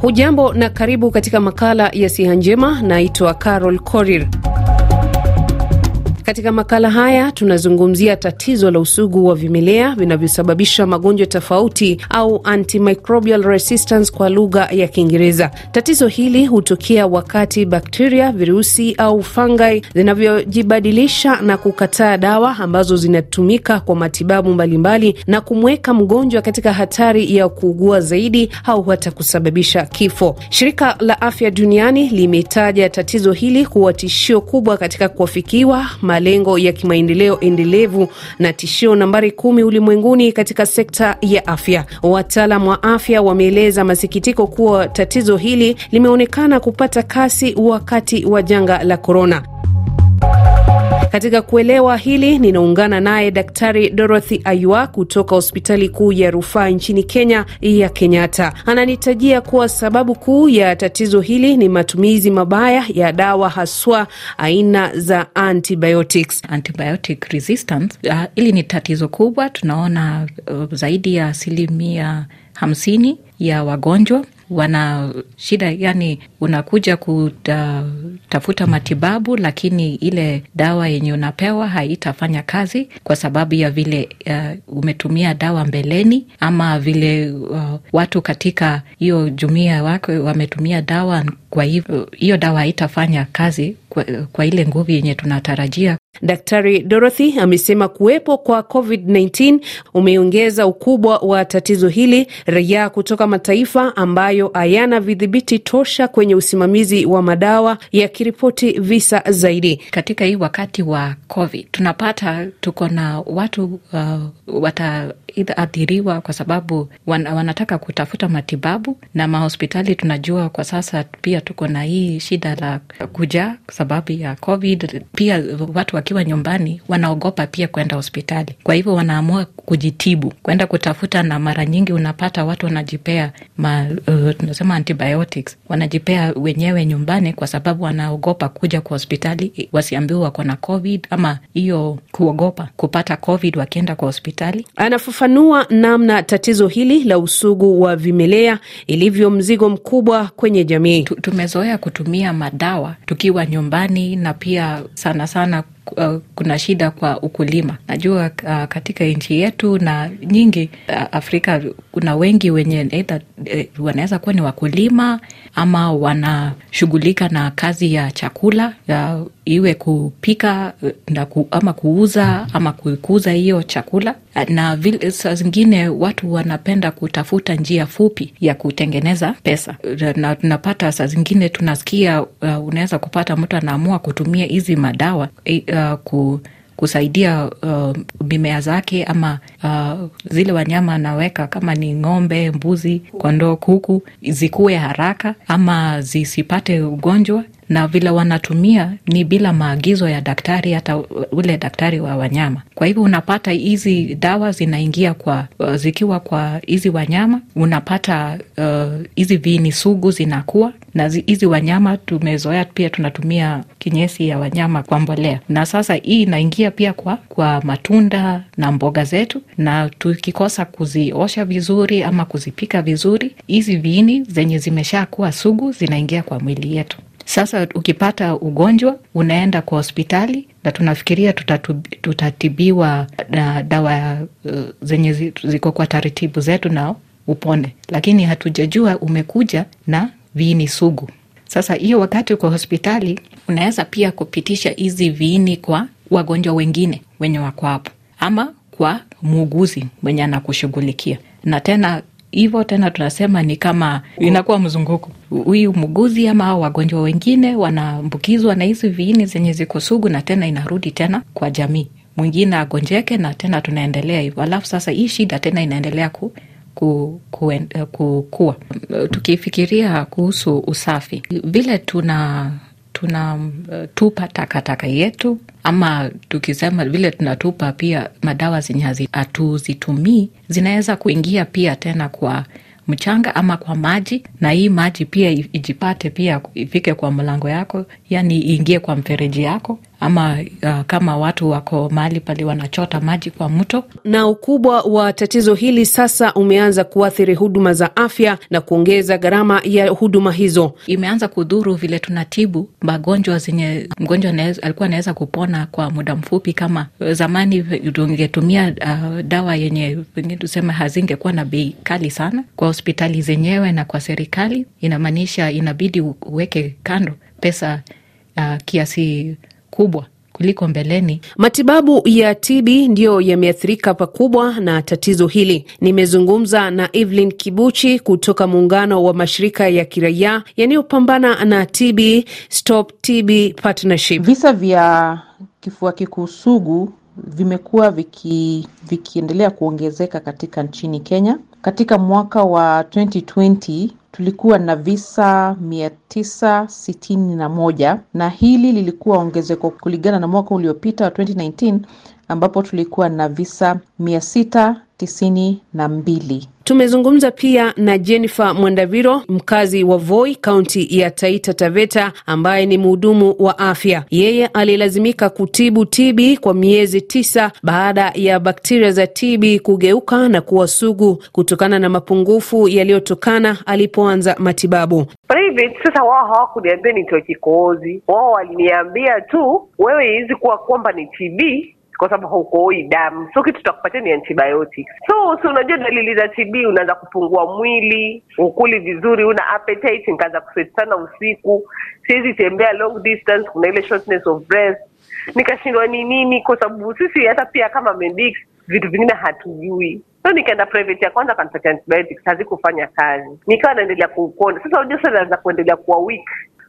Hujambo na karibu katika makala ya siha njema. Naitwa Carol Korir. Katika makala haya tunazungumzia tatizo la usugu wa vimelea vinavyosababisha magonjwa tofauti au antimicrobial resistance kwa lugha ya Kiingereza. Tatizo hili hutokea wakati bakteria, virusi au fungi zinavyojibadilisha na kukataa dawa ambazo zinatumika kwa matibabu mbalimbali na kumweka mgonjwa katika hatari ya kuugua zaidi au hata kusababisha kifo. Shirika la Afya Duniani limetaja tatizo hili kuwa tishio kubwa katika kuafikiwa malengo ya kimaendeleo endelevu na tishio nambari kumi ulimwenguni katika sekta ya afya. Wataalam wa afya wameeleza masikitiko kuwa tatizo hili limeonekana kupata kasi wakati wa janga la korona. Katika kuelewa hili, ninaungana naye Daktari Dorothy Aywa kutoka hospitali kuu ya rufaa nchini Kenya ya Kenyatta. Ananitajia kuwa sababu kuu ya tatizo hili ni matumizi mabaya ya dawa, haswa aina za antibiotics. Antibiotic resistance ah, hili ni tatizo kubwa. Tunaona uh, zaidi ya asilimia hamsini ya wagonjwa wana shida, yani unakuja kutafuta matibabu, lakini ile dawa yenye unapewa haitafanya kazi kwa sababu ya vile uh, umetumia dawa mbeleni ama vile uh, watu katika hiyo jumuia wako wametumia dawa, kwa hivyo hiyo dawa haitafanya kazi kwa, kwa ile nguvu yenye tunatarajia Daktari Dorothy amesema kuwepo kwa COVID-19 umeongeza ukubwa wa tatizo hili. Raia kutoka mataifa ambayo hayana vidhibiti tosha kwenye usimamizi wa madawa yakiripoti visa zaidi. Katika hii wakati wa COVID tunapata tuko na watu uh, wataathiriwa kwa sababu wan, wanataka kutafuta matibabu na mahospitali. Tunajua kwa sasa pia tuko na hii shida la kujaa kwa sababu ya COVID. Pia watu wakiwa nyumbani wanaogopa pia kwenda hospitali, kwa hivyo wanaamua kujitibu, kwenda kutafuta, na mara nyingi unapata watu wanajipea ma, uh, tunasema antibiotics, wanajipea wenyewe nyumbani kwa sababu wanaogopa kuja kwa hospitali, wasiambiwe wako na COVID ama hiyo kuogopa kupata COVID wakienda kwa hospitali. Anafafanua namna tatizo hili la usugu wa vimelea ilivyo mzigo mkubwa kwenye jamii. Tumezoea kutumia madawa tukiwa nyumbani na pia sana sana uh, kuna shida kwa ukulima. Najua uh, katika nchi yetu na nyingi uh, Afrika kuna wengi wenye eh, wanaweza kuwa ni wakulima ama wanashughulika na kazi ya chakula ya iwe kupika eh, na ku, ama kuuza ama kukuza hiyo chakula, na saa zingine watu wanapenda kutafuta njia fupi ya kutengeneza pesa, na tunapata saa zingine tunasikia uh, unaweza kupata mtu anaamua kutumia hizi madawa eh, uh, ku kusaidia uh, mimea zake ama uh, zile wanyama anaweka kama ni ng'ombe, mbuzi, kondoo, kuku zikuwe haraka ama zisipate ugonjwa na vile wanatumia ni bila maagizo ya daktari, hata ule daktari wa wanyama. Kwa hivyo unapata hizi dawa zinaingia kwa uh, zikiwa kwa hizi wanyama, unapata uh, hizi uh, viini sugu zinakuwa na hizi wanyama tumezoea pia tunatumia kinyesi ya wanyama kwa mbolea, na sasa hii inaingia pia kwa, kwa matunda na mboga zetu, na tukikosa kuziosha vizuri ama kuzipika vizuri, hizi viini zenye zimeshakuwa sugu zinaingia kwa mwili yetu. Sasa ukipata ugonjwa unaenda kwa hospitali na tunafikiria tutatibiwa na dawa uh, zenye ziko kwa taratibu zetu nao upone, lakini hatujajua umekuja na viini sugu. Sasa hiyo wakati uko hospitali, unaweza pia kupitisha hizi viini kwa wagonjwa wengine wenye wako hapo, ama kwa muuguzi mwenye anakushughulikia. Na tena hivyo tena tunasema ni kama inakuwa mzunguko, huyu muuguzi ama hao wagonjwa wengine wanaambukizwa na hizi viini zenye ziko sugu, na tena inarudi tena kwa jamii mwingine agonjeke, na tena tunaendelea hivyo. Alafu sasa hii shida tena inaendelea ku ku, eh, ku, kukua. Tukifikiria kuhusu usafi, vile tuna tunatupa eh, takataka yetu, ama tukisema vile tunatupa pia madawa zenye hatuzitumii zinaweza kuingia pia tena kwa mchanga ama kwa maji, na hii maji pia ijipate pia ifike kwa mlango yako, yani iingie kwa mfereji yako, ama uh, kama watu wako mahali pale wanachota maji kwa mto. Na ukubwa wa tatizo hili sasa umeanza kuathiri huduma za afya na kuongeza gharama ya huduma hizo. Imeanza kudhuru vile tunatibu magonjwa zenye mgonjwa naeza, alikuwa anaweza kupona kwa muda mfupi. Kama uh, zamani tungetumia uh, dawa yenye pengine tuseme hazingekuwa na bei kali sana kwa hospitali zenyewe na kwa serikali, inamaanisha inabidi uweke kando pesa uh, kiasi kubwa kuliko mbeleni. Matibabu ya TB ndiyo yameathirika pakubwa na tatizo hili. Nimezungumza na Evelyn Kibuchi kutoka muungano wa mashirika ya kiraia yanayopambana na TB, Stop TB Partnership. Visa vya kifua kikuu sugu vimekuwa viki, vikiendelea kuongezeka katika nchini Kenya katika mwaka wa 2020 tulikuwa na visa 961 na hili lilikuwa ongezeko kulingana na mwaka uliopita wa 2019 ambapo tulikuwa na visa tisini na mbili. Tumezungumza pia na Jennifer Mwandaviro, mkazi wa Voi, kaunti ya Taita Taveta, ambaye ni mhudumu wa afya. Yeye alilazimika kutibu TB kwa miezi tisa baada ya bakteria za TB kugeuka na kuwa sugu kutokana na mapungufu yaliyotokana alipoanza matibabu. Private, sasa wao hawakuniambia nitoe kikohozi, wao waliniambia tu wewe iwezi kuwa kwamba ni TB kwa sababu haukooi damu, so kitu takupatia ni antibiotics. So si so, unajua dalili za TB, unaanza kupungua mwili, ukuli vizuri, una appetite, nikaanza kusweti sana usiku, siwezi tembea long distance, kuna ile shortness of breath, nikashindwa ni nini, kwa sababu sisi hata pia kama medix vitu vingine hatujui so nikaenda private ya kwanza kanipatia antibiotics, hazikufanya kazi, nikawa naendelea kuukonda. Sasa unajua sasa naanza kuendelea kuwa weak.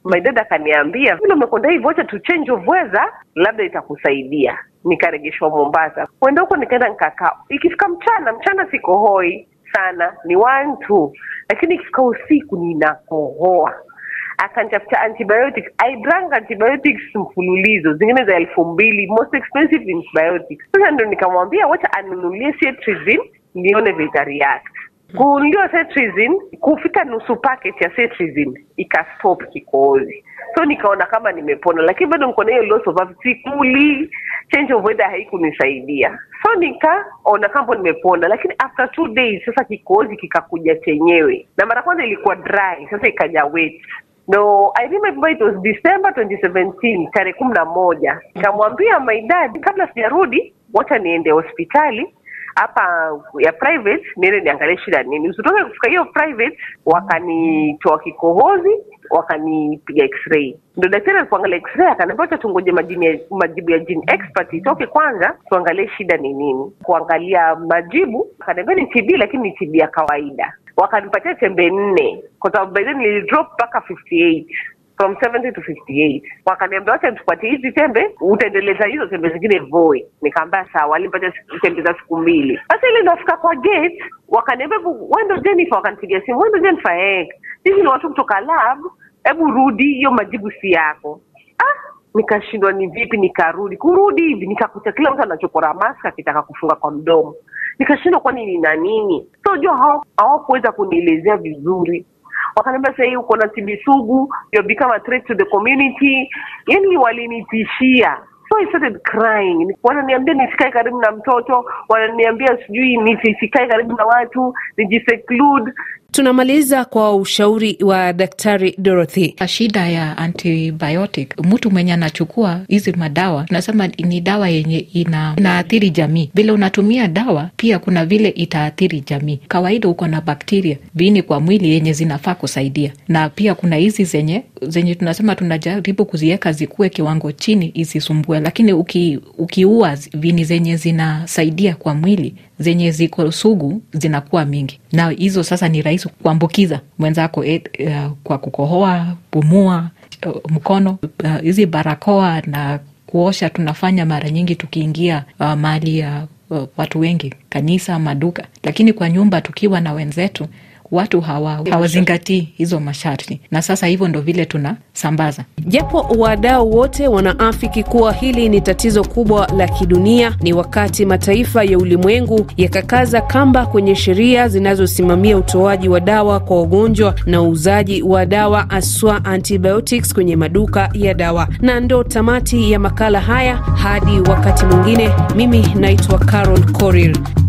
My dad akaniambia vile umekonda hivi, wacha tu change of weather, labda itakusaidia nikaregeshwa Mombasa. Kwenda huko nikaenda nikakaa, ikifika mchana, mchana siko hoi sana, ni one two, lakini ikifika usiku ninakohoa akanitafuta antibiotics. I drank antibiotics mfululizo zingine za elfu mbili most expensive antibiotics. Sasa ndo nikamwambia wacha anunulie cetrizine nione vitareact kuundiwa cetirizine kufika nusu paket ya cetirizine ikastop kikohozi so nikaona kama nimepona lakini bado niko na hiyo loss of appetite kuli change of weather haikunisaidia so nikaona kama nimepona lakini after two days sasa kikohozi kikakuja chenyewe na mara kwanza ilikuwa dry sasa ikaja wet No, I remember it was December 2017 tarehe kumi na moja. Nikamwambia my dad, kabla sijarudi, wacha niende hospitali hapa ya private niende niangalie shida nini. Usitoke kufika hiyo private, wakanitoa kikohozi, wakanipiga x-ray. Ndo daktari alipoangalia x-ray akaniambia, acha tungoje majibu ya gene expert itoke kwanza, tuangalie shida ni nini. Kuangalia majibu, akaniambia ni TB, lakini ni TB ya kawaida. Wakanipatia tembe nne, kwa sababu by then nilidrop mpaka 58 from 70 to 58. Wakaniambia wacha nitupatie hizi tembe, utaendeleza hizo tembe zingine Voi. Nikaambia sawa, walipatia tembe za siku mbili. Sasa ile nafika kwa gate, wakaniambia wendo Jennifer, wakanipigia simu wendo Jennifer, eh, sisi ni watu kutoka lab, hebu rudi, hiyo majibu si yako. Ah, nikashindwa ni vipi, nikarudi kurudi hivi nikakuta kila mtu anachokora mask akitaka kufunga kwa mdomo, nikashindwa kwani nina nini? So jua hawakuweza kunielezea vizuri wakaniambia sasa hii uko na TB sugu, you become a threat to the community. Yani walinitishia So I started crying. Wananiambia nisikae karibu na mtoto, wananiambia sijui nisikae karibu na watu, nijiseclude. Tunamaliza kwa ushauri wa Daktari Dorothy. Shida ya antibiotic, mtu mwenye anachukua hizi madawa tunasema ni dawa yenye ina, inaathiri jamii. Vile unatumia dawa pia kuna vile itaathiri jamii. Kawaida uko na bakteria viini kwa mwili yenye zinafaa kusaidia, na pia kuna hizi zenye zenye tunasema tunajaribu kuziweka zikuwe kiwango chini isisumbue, lakini ukiua uki viini zenye zinasaidia kwa mwili zenye ziko sugu zinakuwa mingi, na hizo sasa ni rahisi kuambukiza mwenzako uh, kwa kukohoa, pumua, uh, mkono hizi uh, barakoa na kuosha tunafanya mara nyingi tukiingia uh, mali ya uh, watu wengi, kanisa, maduka, lakini kwa nyumba tukiwa na wenzetu watu hawa hawazingatii hizo masharti, na sasa hivyo ndo vile tunasambaza. Japo wadau wote wanaafiki kuwa hili ni tatizo kubwa la kidunia, ni wakati mataifa ya ulimwengu yakakaza kamba kwenye sheria zinazosimamia utoaji wa dawa kwa wagonjwa na uuzaji wa dawa aswa antibiotics kwenye maduka ya dawa. Na ndo tamati ya makala haya, hadi wakati mwingine. Mimi naitwa Carol Korir.